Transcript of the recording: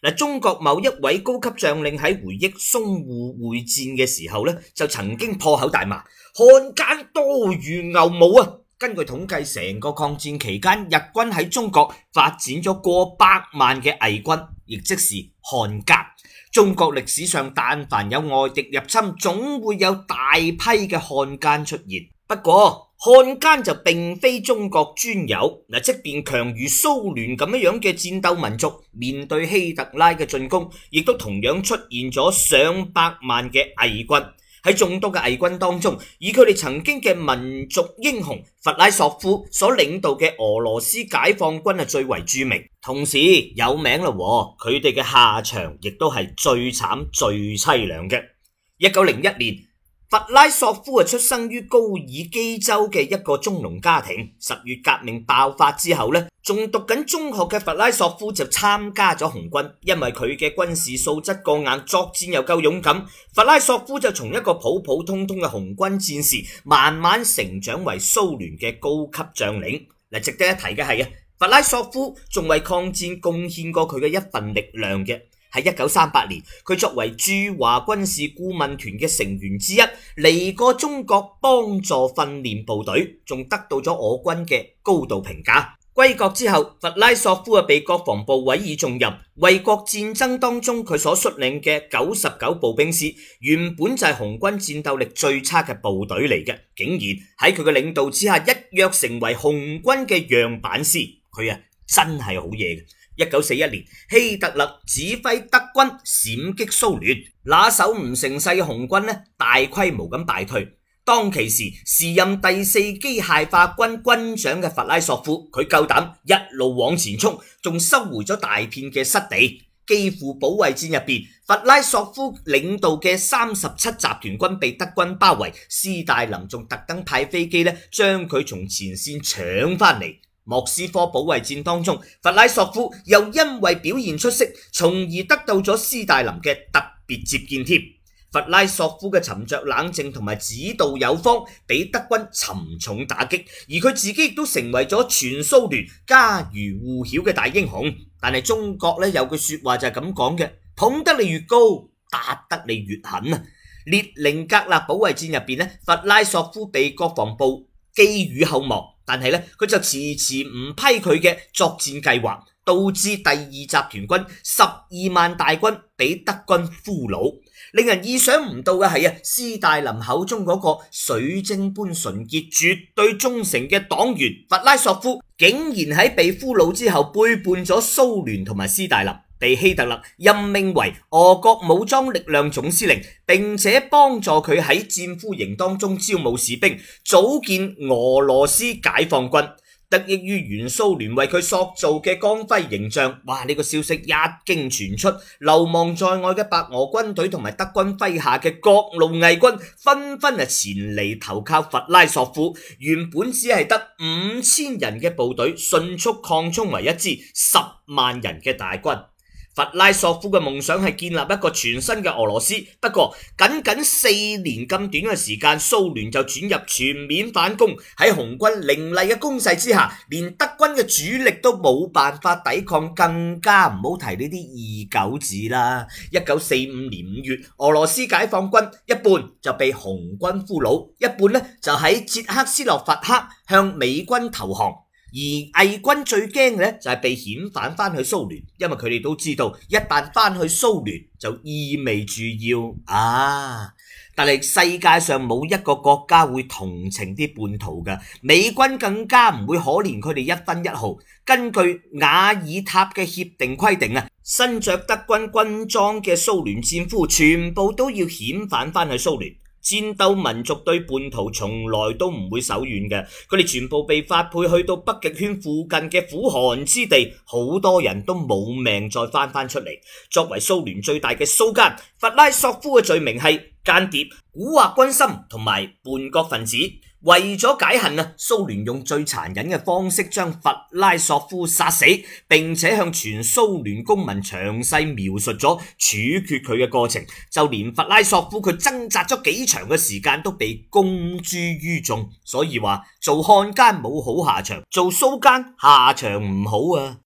嗱，中國某一位高級將領喺回憶淞滬會戰嘅時候咧，就曾經破口大罵：漢奸多如牛毛啊！根據統計，成個抗戰期間，日軍喺中國發展咗過百萬嘅偽軍，亦即是漢奸。中國歷史上，但凡有外敵入侵，總會有大批嘅漢奸出現。不過，漢奸就並非中國專有，嗱，即便強如蘇聯咁樣嘅戰鬥民族，面對希特拉嘅進攻，亦都同樣出現咗上百萬嘅偽軍。喺眾多嘅偽軍當中，以佢哋曾經嘅民族英雄弗拉索夫所領導嘅俄羅斯解放軍係最為著名，同時有名嘞，佢哋嘅下場亦都係最慘最淒涼嘅。一九零一年。弗拉索夫啊，出生於高爾基州嘅一個中農家庭。十月革命爆發之後咧，仲讀緊中學嘅弗拉索夫就參加咗紅軍，因為佢嘅軍事素質過硬，作戰又夠勇敢，弗拉索夫就從一個普普通通嘅紅軍戰士，慢慢成長為蘇聯嘅高級將領。嗱，值得一提嘅係啊，弗拉索夫仲為抗戰貢獻過佢嘅一份力量嘅。喺一九三八年，佢作為駐華軍事顧問團嘅成員之一嚟過中國幫助訓練部隊，仲得到咗我軍嘅高度評價。歸國之後，弗拉索夫啊被國防部委以重任，衛國戰爭當中佢所率領嘅九十九步兵師，原本就係紅軍戰鬥力最差嘅部隊嚟嘅，竟然喺佢嘅領導之下一躍成為紅軍嘅樣板師，佢啊真係好嘢！一九四一年，希特勒指揮德軍閃擊蘇聯，那手唔成勢嘅紅軍呢，大規模咁敗退。當其時，時任第四機械化軍軍長嘅弗拉索夫，佢夠膽一路往前衝，仲收回咗大片嘅失地。基輔保衛戰入邊，弗拉索夫領導嘅三十七集團軍被德軍包圍，斯大林仲特登派飛機呢，將佢從前線搶翻嚟。莫斯科保衛戰當中，弗拉索夫又因為表現出色，從而得到咗斯大林嘅特別接見。添，弗拉索夫嘅沉着冷靜同埋指導有方，俾德軍沉重打擊，而佢自己亦都成為咗全蘇聯家喻戶曉嘅大英雄。但係中國咧有句說話就係咁講嘅：捧得你越高，打得你越狠啊！列寧格勒保衛戰入邊呢，弗拉索夫被國防部寄予厚望。但係咧，佢就遲遲唔批佢嘅作戰計劃，導致第二集團軍十二萬大軍俾德軍俘虜。令人意想唔到嘅係啊，斯大林口中嗰個水晶般純潔、絕對忠誠嘅黨員弗拉索夫，竟然喺被俘虜之後背叛咗蘇聯同埋斯大林。被希特勒任命為俄國武裝力量總司令，並且幫助佢喺戰俘營當中招募士兵，組建俄羅斯解放軍。得益於原蘇聯為佢塑造嘅光輝形象，哇！呢、這個消息一經傳出，流亡在外嘅白俄軍隊同埋德軍麾下嘅各路偽軍紛紛啊前嚟投靠弗拉索夫。原本只係得五千人嘅部隊，迅速擴充為一支十萬人嘅大軍。弗拉索夫嘅夢想係建立一個全新嘅俄羅斯，不過僅僅四年咁短嘅時間，蘇聯就轉入全面反攻。喺紅軍凌厲嘅攻勢之下，連德軍嘅主力都冇辦法抵抗，更加唔好提呢啲二狗子啦！一九四五年五月，俄羅斯解放軍一半就被紅軍俘虜，一半呢就喺捷克斯洛伐克向美軍投降。而偽軍最驚嘅咧，就係被遣返翻去蘇聯，因為佢哋都知道，一旦翻去蘇聯，就意味住要啊！但係世界上冇一個國家會同情啲叛徒㗎，美軍更加唔會可憐佢哋一分一毫。根據雅爾塔嘅協定規定啊，身着德軍軍裝嘅蘇聯戰俘，全部都要遣返翻去蘇聯。戰鬥民族對叛徒從來都唔會手軟嘅，佢哋全部被發配去到北極圈附近嘅苦寒之地，好多人都冇命再返返出嚟。作為蘇聯最大嘅蘇奸，弗拉索夫嘅罪名係間諜、蠱惑軍心同埋叛國分子。為咗解恨啊，蘇聯用最殘忍嘅方式將弗拉索夫殺死，並且向全蘇聯公民詳細描述咗處決佢嘅過程。就連弗拉索夫佢掙扎咗幾長嘅時間，都被公諸於眾。所以話做漢奸冇好下場，做蘇奸下場唔好啊。